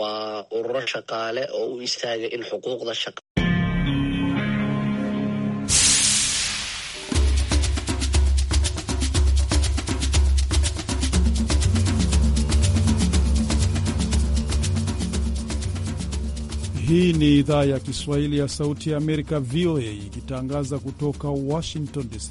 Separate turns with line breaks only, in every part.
waa ururo shaqaale oo u istaagay in xuquuqda shaqa
Hii ni idhaa ya Kiswahili ya Sauti ya Amerika, VOA, ikitangaza kutoka Washington DC.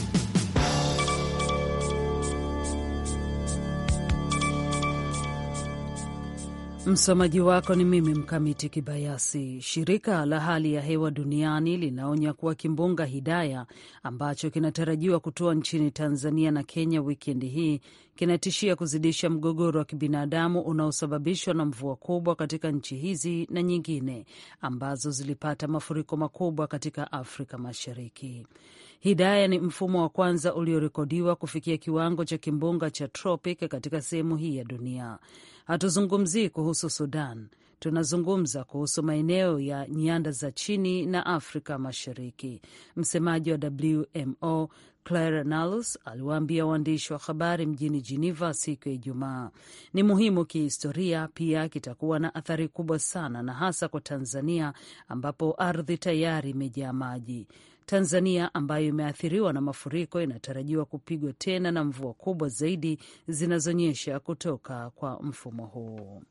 Msomaji wako ni mimi Mkamiti Kibayasi. Shirika la hali ya hewa duniani linaonya kuwa kimbunga Hidaya ambacho kinatarajiwa kutoa nchini Tanzania na Kenya wikendi hii kinatishia kuzidisha mgogoro wa kibinadamu unaosababishwa na mvua kubwa katika nchi hizi na nyingine ambazo zilipata mafuriko makubwa katika Afrika Mashariki. Hidaya ni mfumo wa kwanza uliorekodiwa kufikia kiwango cha kimbunga cha tropic katika sehemu hii ya dunia. Hatuzungumzii kuhusu Sudan, tunazungumza kuhusu maeneo ya nyanda za chini na Afrika Mashariki. Msemaji wa WMO Clara Nalus aliwaambia waandishi wa habari mjini Geneva siku ya Ijumaa. Ni muhimu kihistoria, pia kitakuwa na athari kubwa sana, na hasa kwa Tanzania ambapo ardhi tayari imejaa maji. Tanzania ambayo imeathiriwa na mafuriko inatarajiwa kupigwa tena na mvua kubwa zaidi zinazonyesha kutoka kwa mfumo huu.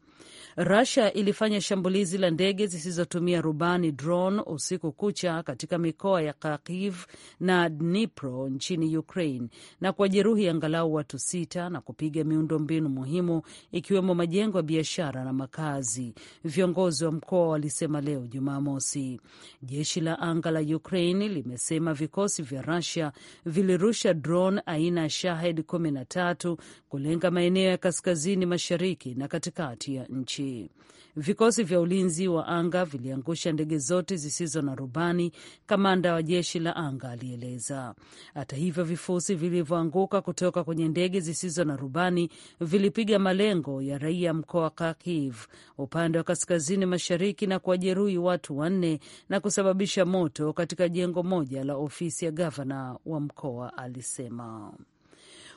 Russia ilifanya shambulizi la ndege zisizotumia rubani drone usiku kucha katika mikoa ya Kharkiv na Dnipro nchini Ukraine na kuwajeruhi angalau watu sita na kupiga miundombinu muhimu ikiwemo majengo ya biashara na makazi, viongozi wa mkoa walisema leo Jumamosi. Jeshi la anga la Ukraine limesema vikosi vya rusia vilirusha drone aina ya Shahed 13 kulenga maeneo ya kaskazini mashariki na katikati ya nchi. Vikosi vya ulinzi wa anga viliangusha ndege zote zisizo na rubani, kamanda wa jeshi la anga alieleza. Hata hivyo, vifusi vilivyoanguka kutoka kwenye ndege zisizo na rubani vilipiga malengo ya raia mkoa Kharkiv upande wa kaskazini mashariki na kuwajeruhi watu wanne na kusababisha moto katika jengo moja la ofisi ya gavana wa mkoa alisema.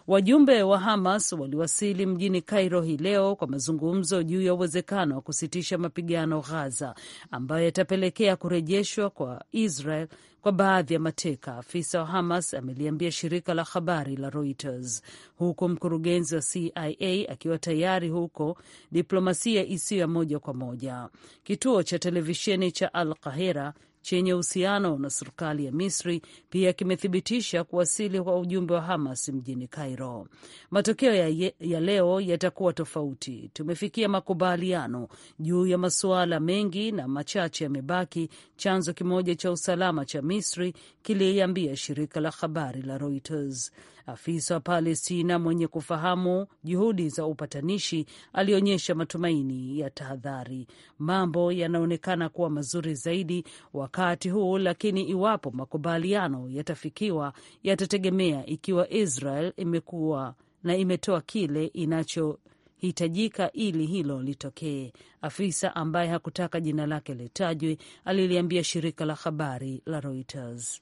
Wajumbe wa Hamas waliwasili mjini Kairo hii leo kwa mazungumzo juu ya uwezekano wa kusitisha mapigano Ghaza, ambayo yatapelekea kurejeshwa kwa Israel kwa baadhi ya mateka, afisa wa Hamas ameliambia shirika la habari la Reuters, huku mkurugenzi wa CIA akiwa tayari huko, diplomasia isiyo ya moja kwa moja. Kituo cha televisheni cha Al Qahera chenye uhusiano na serikali ya Misri pia kimethibitisha kuwasili kwa ujumbe wa Hamas mjini Cairo. Matokeo ya, ye, ya leo yatakuwa tofauti. Tumefikia makubaliano juu ya masuala mengi na machache yamebaki, chanzo kimoja cha usalama cha Misri kiliambia shirika la habari la Reuters. Afisa wa Palestina mwenye kufahamu juhudi za upatanishi alionyesha matumaini ya tahadhari. Mambo yanaonekana kuwa mazuri zaidi wakati huu, lakini iwapo makubaliano yatafikiwa, yatategemea ikiwa Israel imekuwa na imetoa kile inacho hitajika ili hilo litokee. Afisa ambaye hakutaka jina lake litajwe aliliambia shirika la habari la Reuters.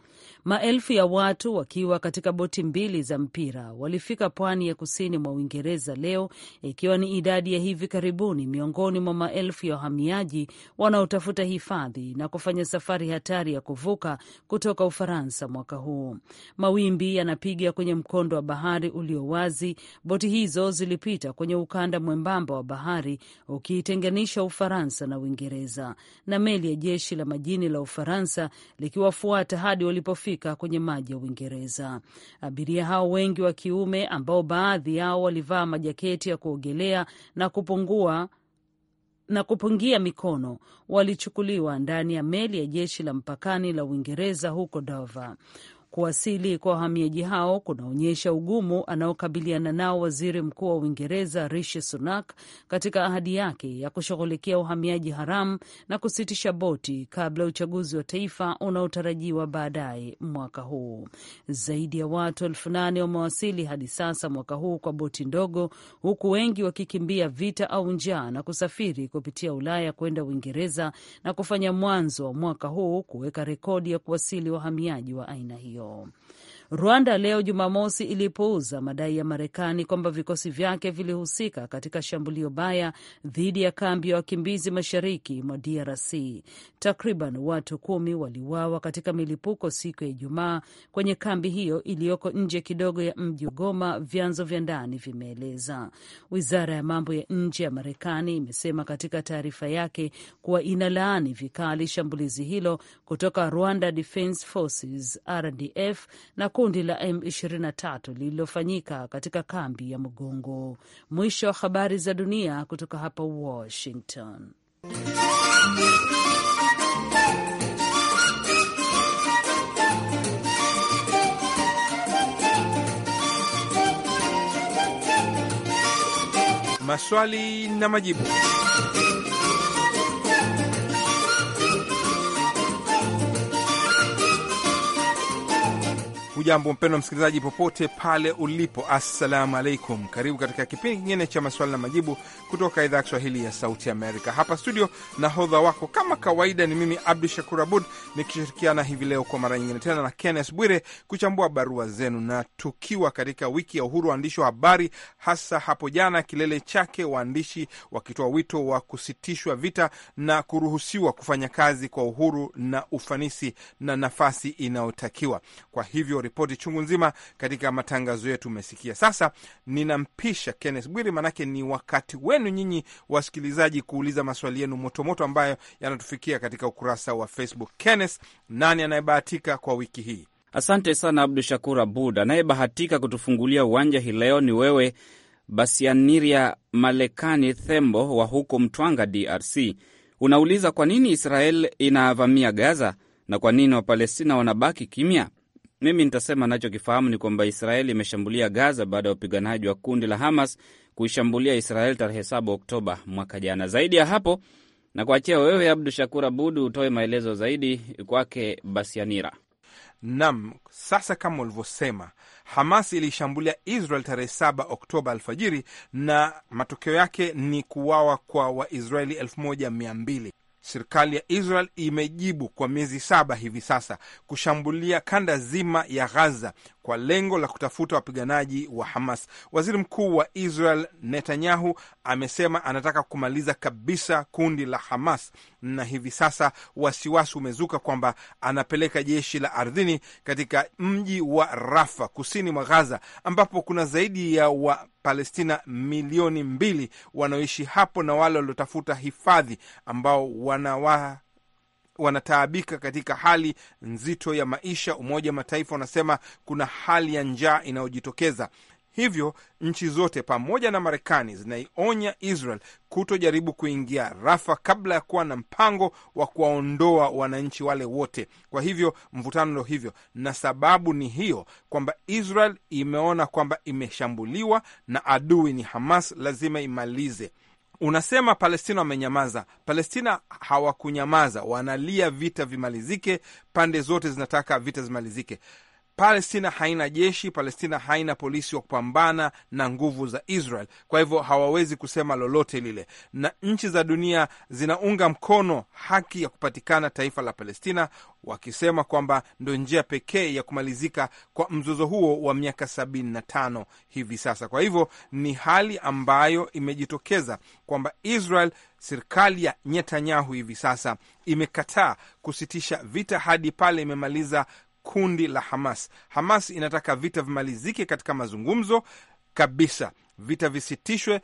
Maelfu ya watu wakiwa katika boti mbili za mpira walifika pwani ya kusini mwa Uingereza leo, ikiwa ni idadi ya hivi karibuni miongoni mwa maelfu ya wahamiaji wanaotafuta hifadhi na kufanya safari hatari ya kuvuka kutoka Ufaransa mwaka huu. Mawimbi yanapiga kwenye mkondo wa bahari ulio wazi. Boti hizo zilipita kwenye ukanda mwembamba wa bahari ukiitenganisha Ufaransa na Uingereza, na meli ya jeshi la majini la Ufaransa likiwafuata hadi walipofika kufika kwenye maji ya Uingereza. Abiria hao wengi wa kiume, ambao baadhi yao walivaa majaketi ya kuogelea na kupungua na kupungia mikono walichukuliwa ndani ya meli ya jeshi la mpakani la Uingereza huko Dover. Kuwasili kwa wahamiaji hao kunaonyesha ugumu anaokabiliana nao waziri mkuu wa Uingereza Rishi Sunak katika ahadi yake ya kushughulikia uhamiaji haramu na kusitisha boti kabla ya uchaguzi wa taifa unaotarajiwa baadaye mwaka huu. Zaidi ya watu elfu nane wamewasili hadi sasa mwaka huu kwa boti ndogo, huku wengi wakikimbia vita au njaa na kusafiri kupitia Ulaya kwenda Uingereza na kufanya mwanzo wa mwaka huu kuweka rekodi ya kuwasili wahamiaji wa aina hiyo. Gracias. Rwanda leo Jumamosi ilipuuza madai ya Marekani kwamba vikosi vyake vilihusika katika shambulio baya dhidi ya kambi ya wakimbizi mashariki mwa DRC. Takriban watu kumi waliuawa katika milipuko siku ya Ijumaa kwenye kambi hiyo iliyoko nje kidogo ya mji Goma, vyanzo vya ndani vimeeleza. Wizara ya mambo ya nje ya Marekani imesema katika taarifa yake kuwa inalaani vikali shambulizi hilo kutoka Rwanda Defense Forces RDF na kundi la M23 lililofanyika katika kambi ya Mgongo. Mwisho wa habari za dunia kutoka hapa Washington.
Maswali na majibu. Hujambo mpendwa msikilizaji, popote pale ulipo, assalamu alaikum. Karibu katika kipindi kingine cha maswali na majibu kutoka idhaa ya Kiswahili ya Sauti Amerika. Hapa studio, nahodha wako kama kawaida ni mimi Abdu Shakur Abud, nikishirikiana hivi leo kwa mara nyingine tena na Kennes Bwire kuchambua barua zenu, na tukiwa katika wiki ya uhuru waandishi wa habari, hasa hapo jana kilele chake, waandishi wakitoa wito wa kusitishwa vita na kuruhusiwa kufanya kazi kwa uhuru na ufanisi na nafasi inayotakiwa. Kwa hivyo ripoti chungu nzima katika matangazo yetu umesikia. Sasa ninampisha Kenneth Bwiri, manake ni wakati wenu nyinyi wasikilizaji kuuliza maswali yenu motomoto ambayo yanatufikia katika ukurasa wa Facebook. Kenneth, nani anayebahatika kwa wiki hii? Asante sana Abdu Shakur Abud. Anayebahatika kutufungulia
uwanja hii leo ni wewe Basianiria Malekani Thembo wa huko Mtwanga, DRC. Unauliza kwa nini Israel inavamia Gaza na kwa nini Wapalestina wanabaki kimya. Mimi nitasema nachokifahamu ni kwamba Israeli imeshambulia Gaza baada ya wapiganaji wa kundi la Hamas kuishambulia Israeli tarehe 7 Oktoba mwaka jana. Zaidi ya hapo na kuachia wewe Abdu Shakur Abud utoe maelezo zaidi kwake
Basianira. Nam, sasa kama ulivyosema, Hamas iliishambulia Israel tarehe 7 Oktoba alfajiri, na matokeo yake ni kuwawa kwa Waisraeli 1200. Serikali ya Israel imejibu kwa miezi saba hivi sasa kushambulia kanda zima ya Gaza kwa lengo la kutafuta wapiganaji wa Hamas. Waziri Mkuu wa Israel Netanyahu amesema anataka kumaliza kabisa kundi la Hamas, na hivi sasa wasiwasi umezuka kwamba anapeleka jeshi la ardhini katika mji wa Rafa kusini mwa Gaza, ambapo kuna zaidi ya Wapalestina milioni mbili wanaoishi hapo na wale waliotafuta hifadhi ambao wanawa wanataabika katika hali nzito ya maisha. Umoja wa Mataifa unasema kuna hali ya njaa inayojitokeza. Hivyo nchi zote pamoja na Marekani zinaionya Israel kutojaribu kuingia Rafa kabla ya kuwa na mpango wa kuwaondoa wananchi wale wote. Kwa hivyo mvutano ndo hivyo, na sababu ni hiyo kwamba Israel imeona kwamba imeshambuliwa na adui ni Hamas, lazima imalize. Unasema Palestina wamenyamaza. Palestina hawakunyamaza, wanalia vita vimalizike. Pande zote zinataka vita zimalizike. Palestina haina jeshi, Palestina haina polisi wa kupambana na nguvu za Israel. Kwa hivyo hawawezi kusema lolote lile, na nchi za dunia zinaunga mkono haki ya kupatikana taifa la Palestina, wakisema kwamba ndo njia pekee ya kumalizika kwa mzozo huo wa miaka sabini na tano hivi sasa. Kwa hivyo ni hali ambayo imejitokeza kwamba Israel, serikali ya Netanyahu hivi sasa imekataa kusitisha vita hadi pale imemaliza kundi la Hamas. Hamas inataka vita vimalizike katika mazungumzo kabisa, vita visitishwe,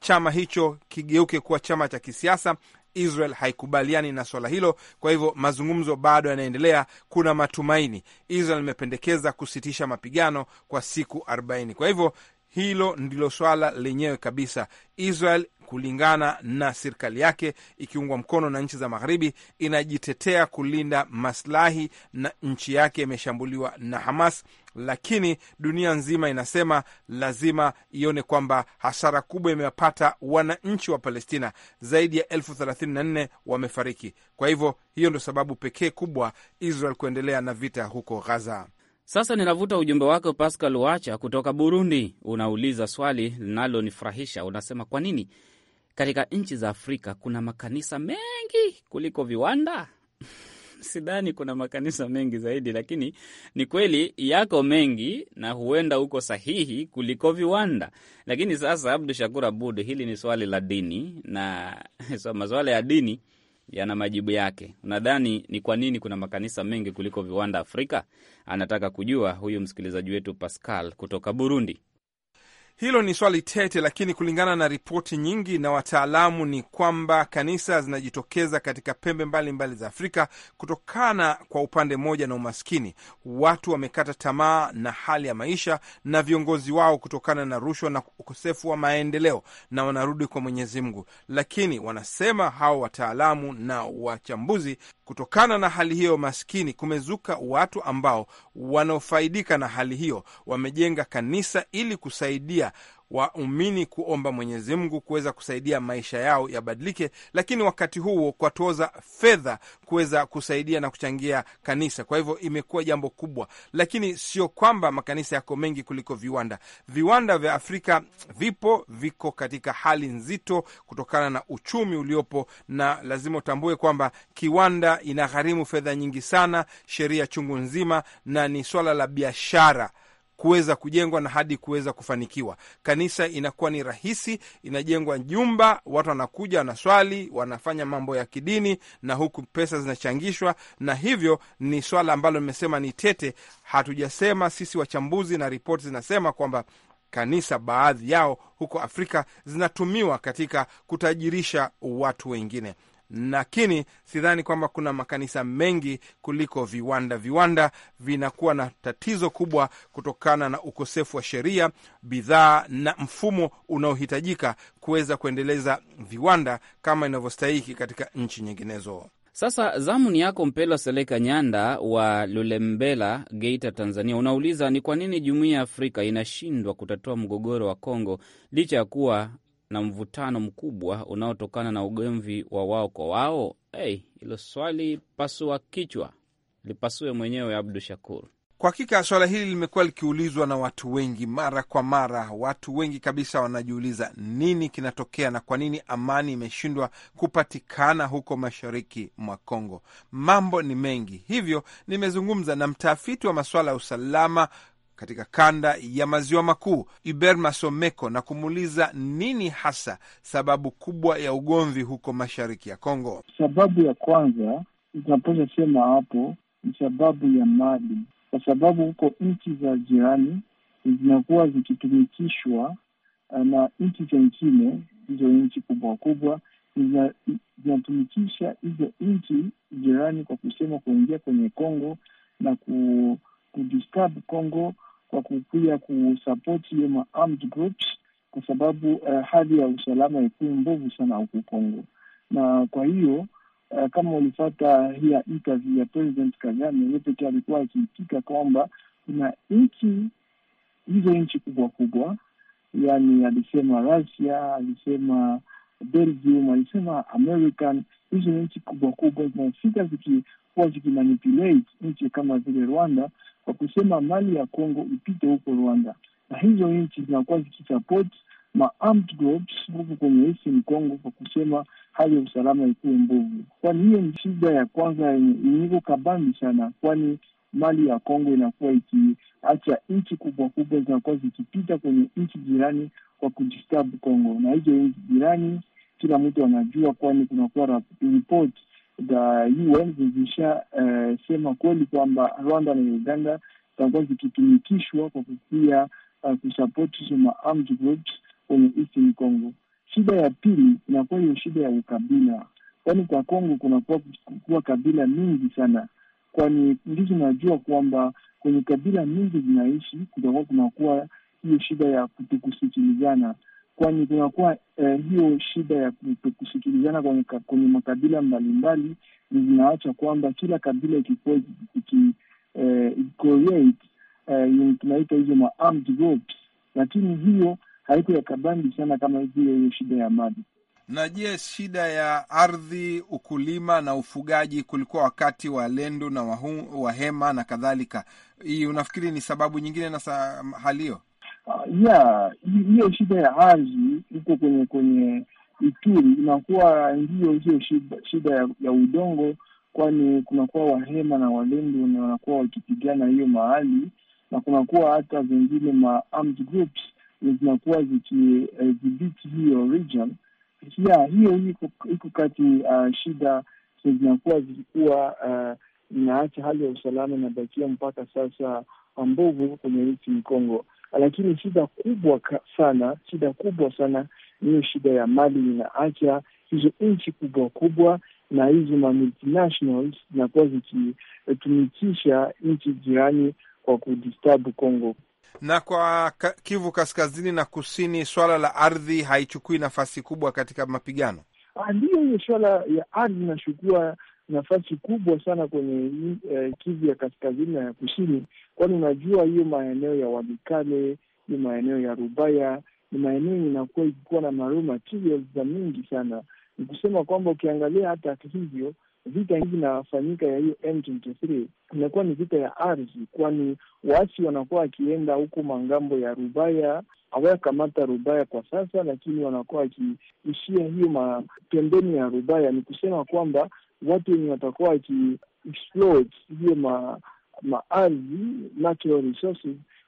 chama hicho kigeuke kuwa chama cha kisiasa. Israel haikubaliani na swala hilo, kwa hivyo mazungumzo bado yanaendelea. Kuna matumaini. Israel imependekeza kusitisha mapigano kwa siku 40. Kwa hivyo hilo ndilo swala lenyewe kabisa. Israel kulingana na serikali yake, ikiungwa mkono na nchi za Magharibi, inajitetea kulinda maslahi, na nchi yake imeshambuliwa na Hamas, lakini dunia nzima inasema lazima ione kwamba hasara kubwa imewapata wananchi wa Palestina, zaidi ya elfu thelathini na nne wamefariki. Kwa hivyo hiyo ndio sababu pekee kubwa Israel kuendelea na vita huko Gaza. Sasa ninavuta ujumbe wako Pascal Wacha kutoka
Burundi. Unauliza swali linalonifurahisha, unasema kwa nini katika nchi za Afrika kuna makanisa mengi kuliko viwanda? Sidhani kuna makanisa mengi zaidi, lakini ni kweli yako mengi, na huenda uko sahihi kuliko viwanda. Lakini sasa, Abdu Shakur Abud, hili ni swali la dini na so, masuala ya dini yana majibu yake. Unadhani ni kwa nini kuna makanisa mengi kuliko viwanda Afrika? Anataka kujua huyu msikilizaji wetu Pascal kutoka Burundi.
Hilo ni swali tete, lakini kulingana na ripoti nyingi na wataalamu ni kwamba kanisa zinajitokeza katika pembe mbalimbali mbali za Afrika kutokana kwa upande mmoja na umaskini, watu wamekata tamaa na hali ya maisha, na viongozi wao kutokana na rushwa na ukosefu wa maendeleo, na wanarudi kwa Mwenyezi Mungu. Lakini wanasema hao wataalamu na wachambuzi, kutokana na hali hiyo maskini, kumezuka watu ambao wanaofaidika na hali hiyo, wamejenga kanisa ili kusaidia kusaidia waumini kuomba Mwenyezi Mungu kuweza kusaidia maisha yao yabadilike, lakini wakati huo kwatoza fedha kuweza kusaidia na kuchangia kanisa. Kwa hivyo imekuwa jambo kubwa, lakini sio kwamba makanisa yako mengi kuliko viwanda. Viwanda vya Afrika vipo, viko katika hali nzito kutokana na uchumi uliopo, na lazima utambue kwamba kiwanda inagharimu fedha nyingi sana, sheria chungu nzima, na ni swala la biashara kuweza kujengwa na hadi kuweza kufanikiwa. Kanisa inakuwa ni rahisi, inajengwa jumba, watu wanakuja, wanaswali, wanafanya mambo ya kidini, na huku pesa zinachangishwa. Na hivyo ni swala ambalo nimesema ni tete. Hatujasema sisi wachambuzi, na ripoti zinasema kwamba kanisa baadhi yao huko Afrika zinatumiwa katika kutajirisha watu wengine lakini sidhani kwamba kuna makanisa mengi kuliko viwanda. Viwanda vinakuwa na tatizo kubwa kutokana na ukosefu wa sheria, bidhaa na mfumo unaohitajika kuweza kuendeleza viwanda kama inavyostahiki katika nchi nyinginezo. Sasa zamu ni yako mpela Seleka
Nyanda wa Lulembela, Geita, Tanzania. Unauliza ni kwa nini jumuiya ya Afrika inashindwa kutatua mgogoro wa Kongo licha ya kuwa na mvutano mkubwa unaotokana na ugomvi wa wao kwa wao? Hilo hey, swali pasua kichwa, lipasue mwenyewe Abdu Shakur.
Kwa hakika swala hili limekuwa likiulizwa na watu wengi mara kwa mara. Watu wengi kabisa wanajiuliza nini kinatokea na kwa nini amani imeshindwa kupatikana huko mashariki mwa Kongo. Mambo ni mengi, hivyo nimezungumza na mtafiti wa masuala ya usalama katika kanda ya maziwa makuu uber Masomeko na kumuuliza nini hasa sababu kubwa ya ugomvi huko mashariki ya Kongo.
Sababu ya kwanza tunapasha sema hapo ni sababu ya mali, kwa sababu huko nchi za jirani zinakuwa zikitumikishwa eh, na nchi zengine hizo nchi kubwa kubwa zinatumikisha hizo nchi jirani kwa kusema kuingia kwenye Kongo na ku kudisturb Congo kwa kukuya kusapoti hiyo maarmed groups, kwa sababu uh, hali ya usalama ikuu mbovu sana huku Congo, na kwa hiyo uh, kama ulifata hiya interview ya President Kagame, ye alikuwa akiitika kwamba kuna nchi hizo nchi kubwa kubwa, yani alisema Russia, alisema Belgium, alisema American. Hizo nchi kubwa kubwa zinafika zikikuwa zikimanipulate nchi kama vile Rwanda kwa kusema mali ya Kongo ipite huko Rwanda, na hizo nchi zinakuwa zikisapoti ma armed groups huku kwenye eastern Kongo kwa kusema hali ya usalama ikuwe mbovu, kwani hiyo ni shida ya kwanza yenye kabambi sana, kwani mali ya Kongo inakuwa ikiacha nchi kubwa kubwa zinakuwa zikipita kwenye nchi jirani kwa kudistabu Kongo, na hizo nchi jirani kila mtu anajua, kwani kunakuwa ripoti za UN zilishasema eh, uh, kweli kwamba Rwanda na Uganda zitakuwa zikitumikishwa kwa kupitia uh, eh, kusapoti hizo ma-armed groups kwenye Eastern Congo. Shida ya pili inakuwa hiyo shida ya ukabila, kwani kwa Congo kunakuwa kuwa kabila mingi sana, kwani ndizo najua kwamba kwenye kabila mingi zinaishi kutakuwa kunakuwa hiyo shida ya kutokusikilizana kwani kunakuwa eh, hiyo shida ya kusikilizana kwenye, kwenye makabila mbalimbali zinaacha kwamba kila kabila ikikuwa iki eh, eh, tunaita hizo ma armed groups, lakini hiyo haiko yakabandi sana kama vile hiyo shida ya maji
na je, shida ya ardhi, ukulima na ufugaji kulikuwa wakati wa Lendu na Wahema na kadhalika. Hii unafikiri ni sababu nyingine na hali hiyo?
uh, hiyo shida ya ardhi huko kwenye kwenye Ituri inakuwa ndiyo hiyo shida, shida ya, ya udongo, kwani kunakuwa Wahema na walendo na wanakuwa wakipigana hiyo mahali, na kunakuwa hata zingine ma armed groups zinakuwa zikidhibiti eh, hiyo region hiyo iko kati uh, shida zinakuwa zilikuwa uh, inaacha hali ya usalama inabakia mpaka sasa mbovu kwenye nchi Mkongo. Lakini shida kubwa sana, shida kubwa sana niyo shida ya mali inaacha hizo nchi kubwa kubwa na hizo mamultinationals zinakuwa zikitumikisha nchi jirani kwa kudistabu Congo
na kwa Kivu kaskazini na kusini, swala la ardhi haichukui nafasi kubwa katika mapigano.
Ah, Ndiyo, hiyo swala ya ardhi inashukua nafasi kubwa sana kwenye eh, Kivu ya kaskazini na ya kusini, kwani unajua hiyo maeneo ya Walikale, hiyo maeneo ya Rubaya ni maeneo inakuwa ikikuwa na maromaterials za mingi sana. Ni kusema kwamba ukiangalia hata hivyo vita hivi inafanyika ya hiyo M23 inakuwa ni vita ya ardhi, kwani waasi wanakuwa wakienda huko mangambo ya Rubaya. Hawayakamata Rubaya kwa sasa, lakini wanakuwa wakiishia hiyo mapembeni ya Rubaya. Ni kusema kwamba watu wenye watakuwa wakiexploit hiyo ma, maardhi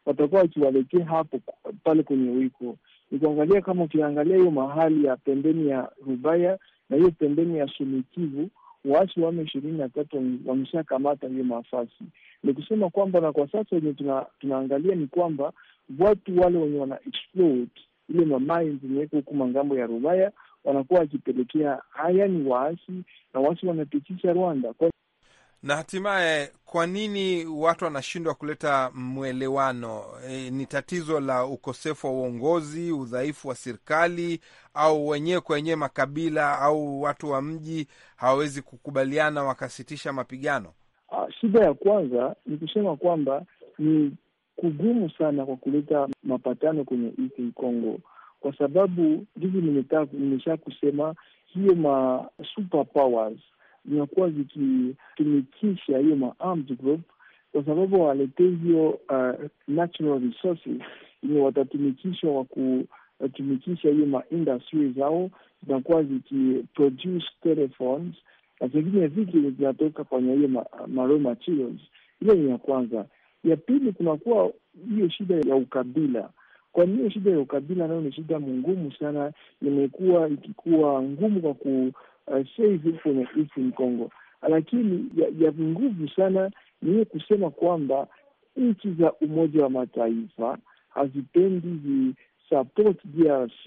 watakuwa wakiwalekea hapo pale kwenye wiko nikuangalia kama ukiangalia hiyo mahali ya pembeni ya Rubaya na hiyo pembeni ya Sumikivu, waasi wame ishirini na tatu wameshakamata hiyo mafasi. Ni kusema kwamba na kwa sasa wenye tuna, tunaangalia ni kwamba watu wale wenye wana ile mamai zimeweka huku mangambo ya Rubaya wanakuwa wakipelekea haya ni waasi na waasi wanapitisha Rwanda kwa...
na hatimaye, kwa nini watu wanashindwa kuleta mwelewano? E, ni tatizo la ukosefu wa uongozi, udhaifu wa serikali, au wenyewe kwa wenyewe makabila au watu wa mji hawawezi kukubaliana wakasitisha mapigano? Ah, shida
ya kwanza ni kusema kwamba ni kugumu sana kwa kuleta mapatano kwenye Eastern Congo kwa sababu ndivyo nimesha kusema, hiyo ma super powers zinakuwa zikitumikisha hiyo ma armed group, kwa sababu waletee hiyo uh, natural resources watatumikishwa wa kutumikisha hiyo ma zao, zinakuwa zikiproduce telephones na zingine vingi zinatoka kwenye hiyo ma, materials. Hiyo ni ya kwanza. Ya pili, kunakuwa hiyo shida ya ukabila kwa nini shida ya ukabila nayo ni shida mngumu sana, imekuwa ikikuwa ngumu kwa ku kwenye isi mkongo lakini ya, ya nguvu sana niye kusema kwamba nchi za Umoja wa Mataifa hazipendi zi support DRC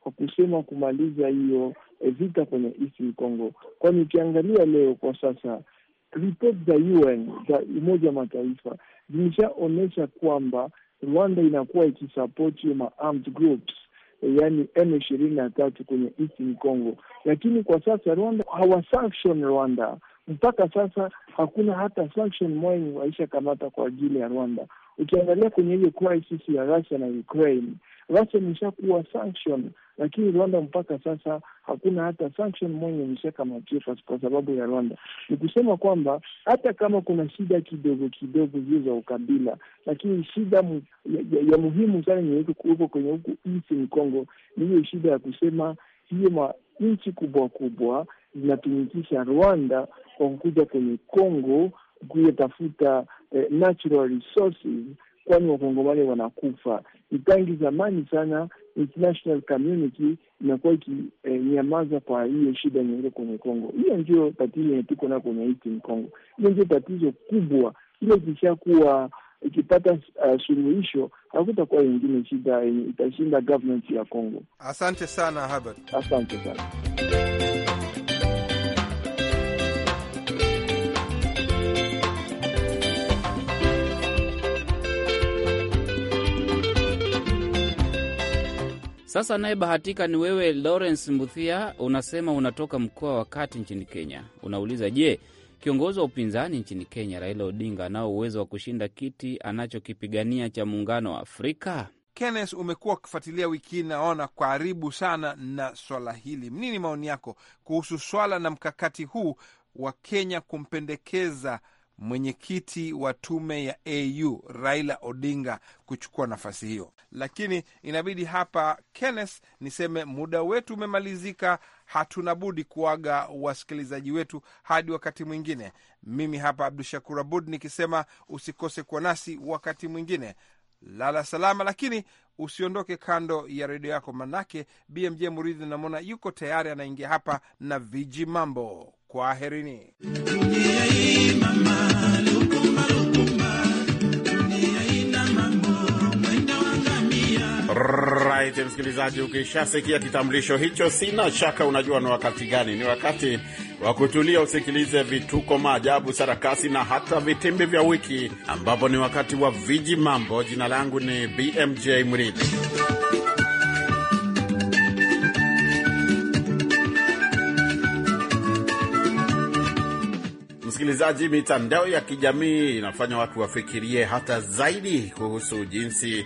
kwa kusema kumaliza hiyo eh, vita kwenye isi mkongo kwani ukiangalia leo kwa sasa ripoti za UN za Umoja wa Mataifa zimeshaonyesha kwamba Rwanda inakuwa ikisapoti ma armed groups yaani M ishirini na tatu kwenye Eastern Congo, lakini kwa sasa Rwanda hawasanction Rwanda. Mpaka sasa hakuna hata sanction moja waisha kamata kwa ajili ya Rwanda. Ukiangalia kwenye hiyo crisis ya Russia na Ukraine, Russia imeshakuwa sanction lakini Rwanda mpaka sasa hakuna hata sanction moja imeshakamatwa kwa sababu ya Rwanda. Ni kusema kwamba hata kama kuna shida kidogo kidogo hiyo za ukabila, lakini shida mu, ya, ya, ya muhimu sana yenye kwenye huku nchini Kongo ni hiyo shida ya kusema hiyo nchi kubwa kubwa zinatumikisha Rwanda kwa kukuja kwenye Kongo kuyatafuta eh, natural resources kwani wakongomani wanakufa. Ni tangi zamani sana international community inakuwa ikinyamaza eh, kwa hiyo shida inaingia kwenye Kongo. Hiyo ndio tatizo yenye tuko nayo kwenye Eastern Congo, hiyo ndio tatizo kubwa. Ile ikisha kuwa ikipata uh, suluhisho hakutakuwa yingine shida yenye itashinda government ya Kongo.
Asante sana Habert, asante sana.
Sasa anayebahatika ni wewe Lawrence Mbuthia, unasema unatoka mkoa wa Kati nchini Kenya. Unauliza, je, kiongozi wa upinzani nchini Kenya Raila Odinga anao uwezo wa kushinda kiti anachokipigania cha muungano wa Afrika?
Kennes, umekuwa ukifuatilia wiki hii, naona karibu sana na swala hili. Nini maoni yako kuhusu swala na mkakati huu wa Kenya kumpendekeza mwenyekiti wa tume ya AU Raila Odinga kuchukua nafasi hiyo, lakini inabidi hapa, Kenneth, niseme muda wetu umemalizika. Hatuna budi kuaga wasikilizaji wetu hadi wakati mwingine. Mimi hapa Abdu Shakur Abud nikisema usikose kuwa nasi wakati mwingine. Lala salama, lakini usiondoke kando ya redio yako, manake BMJ Muridhi namwona yuko tayari anaingia hapa na viji mambo. Kwaherini.
right, msikilizaji, ukishasikia kitambulisho hicho, sina shaka unajua ni wakati gani. Ni wakati wa kutulia, usikilize vituko, maajabu, sarakasi na hata vitimbi vya wiki, ambapo ni wakati wa viji mambo. Jina langu ni BMJ Mridhi. Msikilizaji, mitandao ya kijamii inafanya watu wafikirie hata zaidi kuhusu jinsi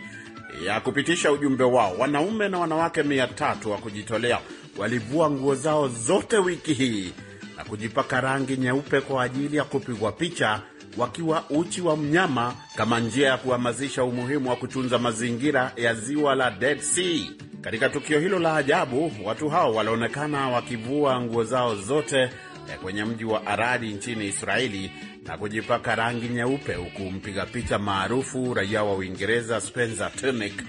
ya kupitisha ujumbe wao. Wanaume na wanawake mia tatu wa kujitolea walivua nguo zao zote wiki hii na kujipaka rangi nyeupe kwa ajili ya kupigwa picha wakiwa uchi wa mnyama kama njia ya kuhamasisha umuhimu wa kutunza mazingira ya ziwa la Dead Sea. Katika tukio hilo la ajabu, watu hao walionekana wakivua nguo zao zote kwenye mji wa Aradi nchini Israeli na kujipaka rangi nyeupe, huku mpiga picha maarufu raia wa Uingereza Spencer Tunick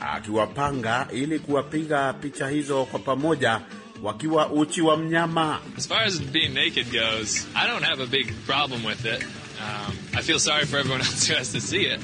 akiwapanga ili kuwapiga picha hizo kwa pamoja wakiwa uchi wa mnyama.
As far as being naked goes, I don't have a big problem with it. Um,
I feel sorry for everyone else who has to see it.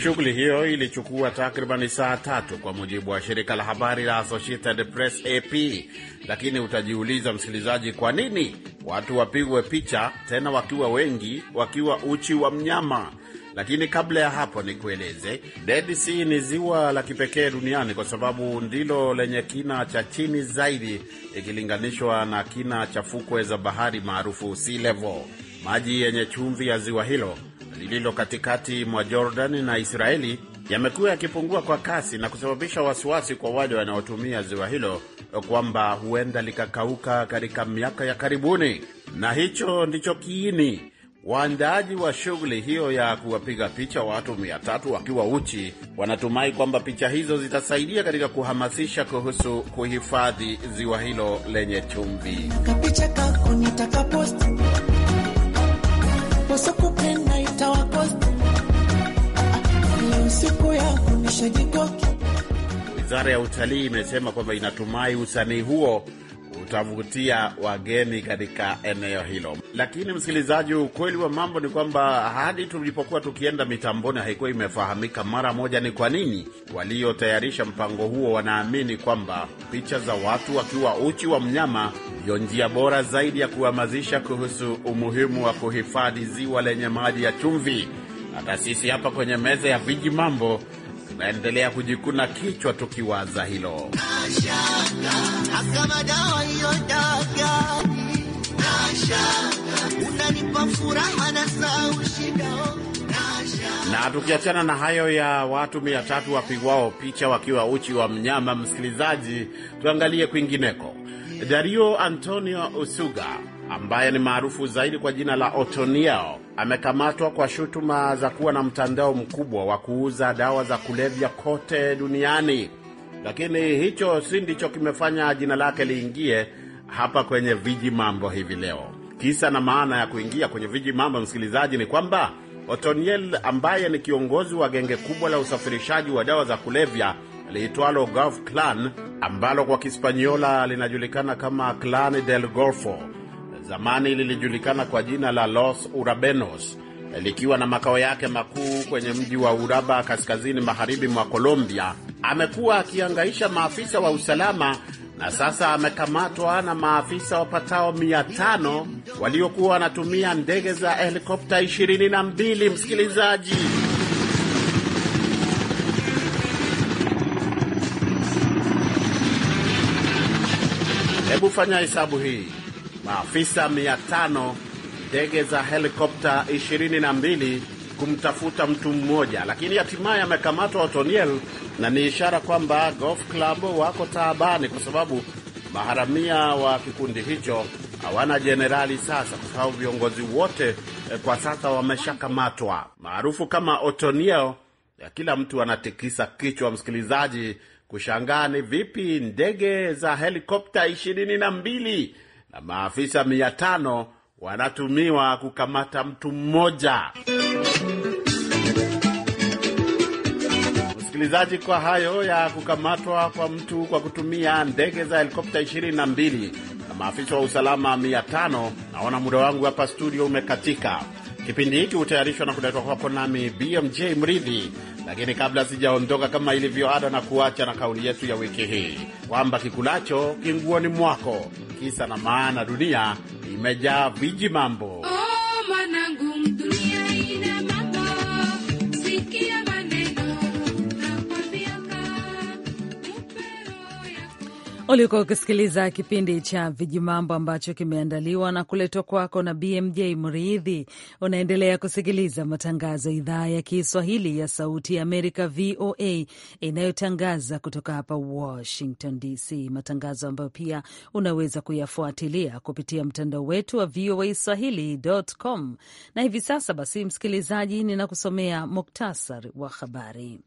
Shughuli hiyo ilichukua takribani saa tatu kwa mujibu wa shirika la habari la Associated Press AP. Lakini utajiuliza msikilizaji, kwa nini watu wapigwe picha tena wakiwa wengi, wakiwa uchi wa mnyama? Lakini kabla ya hapo nikueleze, Dead Sea ni ziwa la kipekee duniani kwa sababu ndilo lenye kina cha chini zaidi ikilinganishwa na kina cha fukwe za bahari maarufu sea level. Maji yenye chumvi ya ziwa hilo lililo katikati mwa Jordan na Israeli yamekuwa yakipungua kwa kasi na kusababisha wasiwasi kwa wale wanaotumia ziwa hilo kwamba huenda likakauka katika miaka ya karibuni, na hicho ndicho kiini waandaaji wa shughuli hiyo ya kuwapiga picha watu mia tatu wakiwa uchi wanatumai kwamba picha hizo zitasaidia katika kuhamasisha kuhusu kuhifadhi ziwa hilo lenye chumvi. Siku Wizara ya utalii imesema kwamba inatumai usanii huo utavutia wageni katika eneo hilo. Lakini msikilizaji, ukweli wa mambo ni kwamba hadi tulipokuwa tukienda mitamboni haikuwa imefahamika mara moja ni kwa nini waliotayarisha mpango huo wanaamini kwamba picha za watu wakiwa uchi wa mnyama ndiyo njia bora zaidi ya kuhamasisha kuhusu umuhimu wa kuhifadhi ziwa lenye maji ya chumvi. Hata sisi hapa kwenye meza ya viji mambo tunaendelea kujikuna kichwa tukiwaza hilo. Na tukiachana na hayo ya watu mia tatu wapigwao picha wakiwa uchi wa mnyama, msikilizaji, tuangalie kwingineko. Dario Antonio Usuga ambaye ni maarufu zaidi kwa jina la Otoniel amekamatwa kwa shutuma za kuwa na mtandao mkubwa wa kuuza dawa za kulevya kote duniani, lakini hicho si ndicho kimefanya jina lake liingie hapa kwenye viji mambo hivi leo. Kisa na maana ya kuingia kwenye viji mambo, msikilizaji, ni kwamba Otoniel ambaye ni kiongozi wa genge kubwa la usafirishaji wa dawa za kulevya liitwalo Gulf Clan ambalo kwa kispanyola linajulikana kama Clan del Golfo zamani lilijulikana kwa jina la Los Urabenos likiwa na makao yake makuu kwenye mji wa Uraba kaskazini magharibi mwa Colombia, amekuwa akiangaisha maafisa wa usalama na sasa amekamatwa na maafisa wapatao mia tano waliokuwa wanatumia ndege za helikopta 22. Msikilizaji, hebu fanya hesabu hii maafisa 500 ndege za helikopta 22 kumtafuta mtu mmoja, lakini hatimaye amekamatwa Otoniel, na ni ishara kwamba golf club wako taabani, kwa sababu maharamia wa kikundi hicho hawana jenerali sasa, kwa sababu viongozi wote eh, kwa sasa wameshakamatwa. Maarufu kama Otoniel, eh, kila mtu anatikisa kichwa, msikilizaji, kushangaa ni vipi ndege za helikopta ishirini na mbili na maafisa mia tano wanatumiwa kukamata mtu mmoja. Msikilizaji, kwa hayo ya kukamatwa kwa mtu kwa kutumia ndege za helikopta 22 na maafisa wa usalama 5 naona muda wangu hapa studio umekatika. Kipindi hiki hutayarishwa na kuletwa kwako nami BMJ Mridhi. Lakini kabla sijaondoka, kama ilivyo ada, na kuacha na kauli yetu ya wiki hii kwamba kikulacho kinguoni mwako, kisa na maana, dunia imejaa viji mambo.
Ulikuwa ukisikiliza kipindi cha Vijimambo ambacho kimeandaliwa na kuletwa kwako na BMJ Mridhi. Unaendelea kusikiliza matangazo ya idhaa ya Kiswahili ya Sauti ya Amerika, VOA, inayotangaza kutoka hapa Washington DC, matangazo ambayo pia unaweza kuyafuatilia kupitia mtandao wetu wa VOA swahili.com. Na hivi sasa basi, msikilizaji, ninakusomea muktasari wa habari.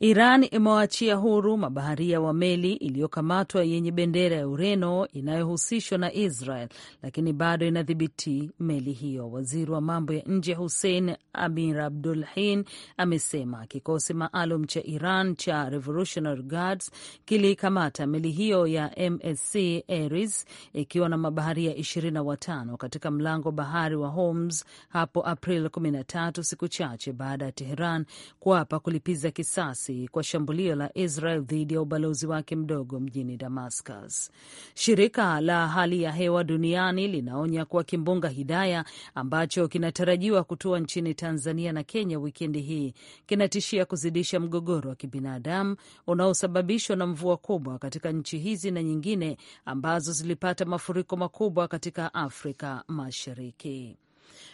Iran imewaachia huru mabaharia wa meli iliyokamatwa yenye bendera ya Ureno inayohusishwa na Israel, lakini bado inadhibiti meli hiyo. Waziri wa mambo ya nje Hussein Amir hin amesema kikosi maalum cha Iran cha Revolutionary Guards kilikamata meli hiyo ya MSC Aris ikiwa na mabaharia 25 katika mlango bahari wa Hormuz hapo April 13, siku chache baada ya Teheran kuapa kulipiza kisasi Alhamisi kwa shambulio la Israel dhidi ya ubalozi wake mdogo mjini Damascus. Shirika la hali ya hewa duniani linaonya kuwa kimbunga Hidaya ambacho kinatarajiwa kutua nchini Tanzania na Kenya wikendi hii kinatishia kuzidisha mgogoro wa kibinadamu unaosababishwa na mvua kubwa katika nchi hizi na nyingine ambazo zilipata mafuriko makubwa katika Afrika Mashariki.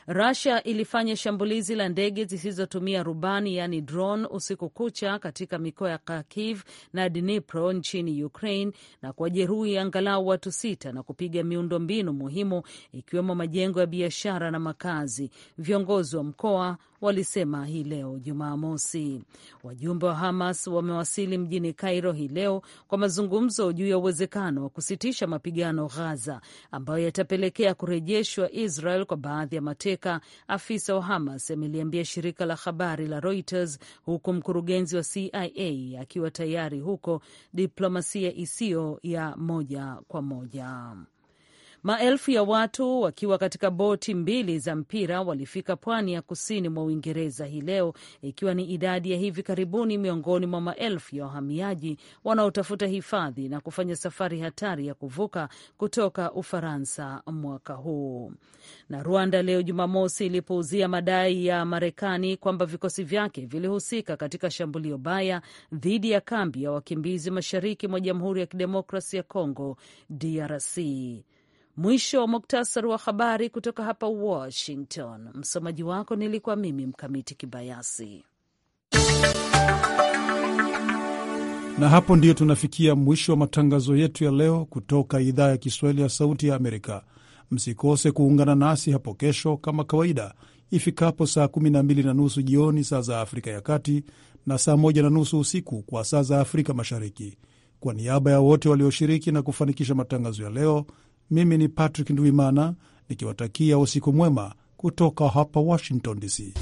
Russia ilifanya shambulizi la ndege zisizotumia rubani yaani drone usiku kucha katika mikoa ya Kharkiv na Dnipro nchini Ukraine na kuwajeruhi angalau watu sita na kupiga miundo mbinu muhimu ikiwemo majengo ya biashara na makazi. Viongozi wa mkoa walisema hii leo Jumamosi. Wajumbe wa Hamas wamewasili mjini Kairo hii leo kwa mazungumzo juu ya uwezekano wa kusitisha mapigano Ghaza, ambayo yatapelekea kurejeshwa Israel kwa baadhi ya mateka, afisa wa Hamas ameliambia shirika la habari la Reuters, huku mkurugenzi wa CIA akiwa tayari huko, diplomasia isiyo ya moja kwa moja. Maelfu ya watu wakiwa katika boti mbili za mpira walifika pwani ya kusini mwa Uingereza hii leo, ikiwa ni idadi ya hivi karibuni miongoni mwa maelfu ya wahamiaji wanaotafuta hifadhi na kufanya safari hatari ya kuvuka kutoka Ufaransa mwaka huu. Na Rwanda leo Jumamosi ilipouzia madai ya Marekani kwamba vikosi vyake vilihusika katika shambulio baya dhidi ya kambi ya wakimbizi mashariki mwa Jamhuri ya Kidemokrasi ya congo DRC. Mwisho wa muktasari wa habari kutoka hapa Washington. Msomaji wako nilikuwa mimi Mkamiti Kibayasi.
Na hapo ndiyo tunafikia mwisho wa matangazo yetu ya leo kutoka idhaa ya Kiswahili ya Sauti ya Amerika. Msikose kuungana nasi hapo kesho kama kawaida ifikapo saa 12 na nusu jioni saa za Afrika ya Kati na saa 1 na nusu usiku kwa saa za Afrika Mashariki. Kwa niaba ya wote walioshiriki na kufanikisha matangazo ya leo, mimi ni Patrick Ndwimana nikiwatakia usiku mwema kutoka hapa Washington DC.